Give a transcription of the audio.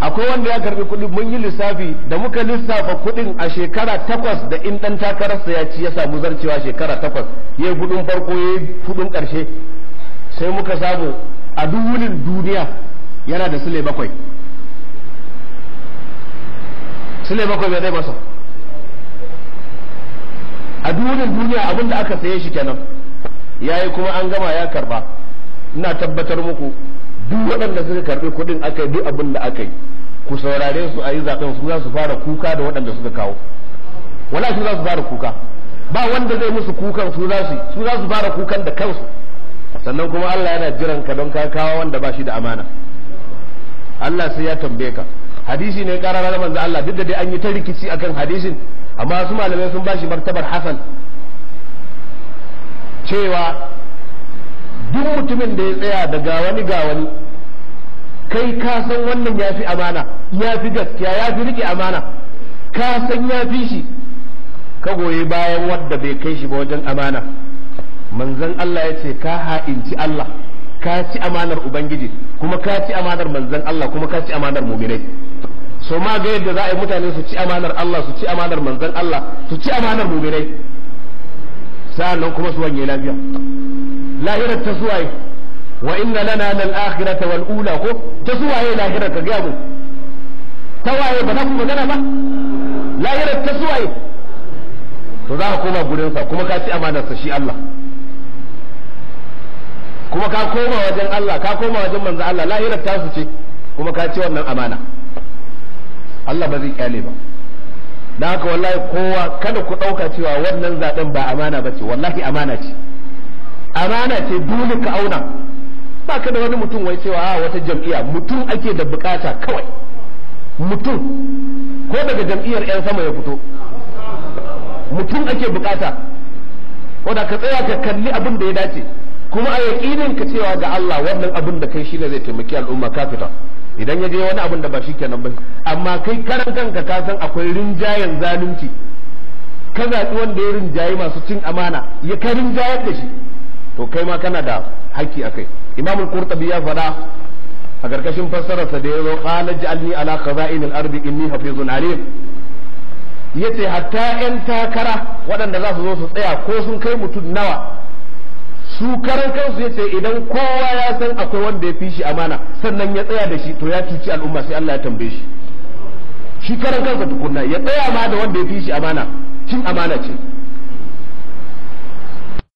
akwai wanda ya karbi kuɗi mun yi lissafi da muka lissafa kuɗin a shekara takwas da in ɗan takararsa ya ci ya samu zarcewa shekara takwas ya yi kuɗin farko ya yi kuɗin ƙarshe sai muka samu a duwunin duniya yana da sule bakwai sule bakwai mai zai masa a duwunin duniya abinda aka saye shi kenan ya yi kuma an gama ya karba ina tabbatar muku duk waɗanda suka karɓi kuɗin aka yi duk abin da aka yi ku saurare su a yi zaɓen su za su fara kuka da waɗanda suka kawo wala su za su fara kuka ba wanda zai musu kukan su za su za su fara kukan da kansu sannan kuma Allah yana jiran ka don ka kawo wanda ba shi da amana Allah sai ya tambaye ka hadisi ne da manzo Allah duk da dai an yi ta rikici akan hadisin amma su malamai sun bashi martabar hasan cewa duk mutumin da ya tsaya da ga wani ga wani kai ka san wannan ya fi amana ya fi gaskiya ya fi riƙe amana ka san ya fi shi ka goyi bayan wadda bai kai shi ba wajen amana manzon Allah ya ce ka ha'inci Allah ka ci amanar ubangiji kuma ka ci amanar manzon Allah kuma ka ci amanar muminai so ma ga yadda za a yi mutane su ci amanar Allah su ci amanar manzon Allah su ci amanar muminai sa'annan kuma su wanye lafiya lahirar ta suwaye wa inna lana lal akhirata wal ula ko ta suwaye lahirar ka gaya mu ta waye ba za ku magana ba lahirar ta suwaye to za ka koma gurin sa kuma ka ci sa shi Allah kuma ka koma wajen Allah ka koma wajen manzo Allah lahirar ta su ce kuma ka ci wannan amana Allah ba zai kyale ba da haka wallahi kowa kada ku ɗauka cewa wannan zaɓen ba amana ba ce wallahi amana ce amana ce dole ka auna ba ka da wani mutum wai cewa a ah, wata jam'iyya mutum ake da bukata kawai mutum ko daga jam'iyyar 'yan sama ya fito mutum ake bukata wadda ka tsaya ka kalli abin da ya dace kuma a yaƙinin ka cewa ga Allah wannan abin da kai shine zai taimaki al'umma ka fita idan ya je wani abin da ba shi kenan ba amma kai karan kanka ka san akwai rinjayen zalunci ka zaɓi wanda ya rinjayi masu cin amana ya ka rinjayar da shi to kai ma kana da haƙƙi a kai. imamul qurtubi ya faɗa a karkashin fassararsa da ya yazo qala ja'alni ala khaza'in al ardi inni hafizun alim yace hatta yan takara waɗanda za su zo su tsaya ko sun kai mutum nawa su karan kansu yace idan kowa ya san akwai wanda ya fi shi amana sannan ya tsaya da shi to ya cuci al'umma sai Allah ya tambaye shi shi karan kansa tukunna ya tsaya ma da wanda ya fi shi amana cin amana ce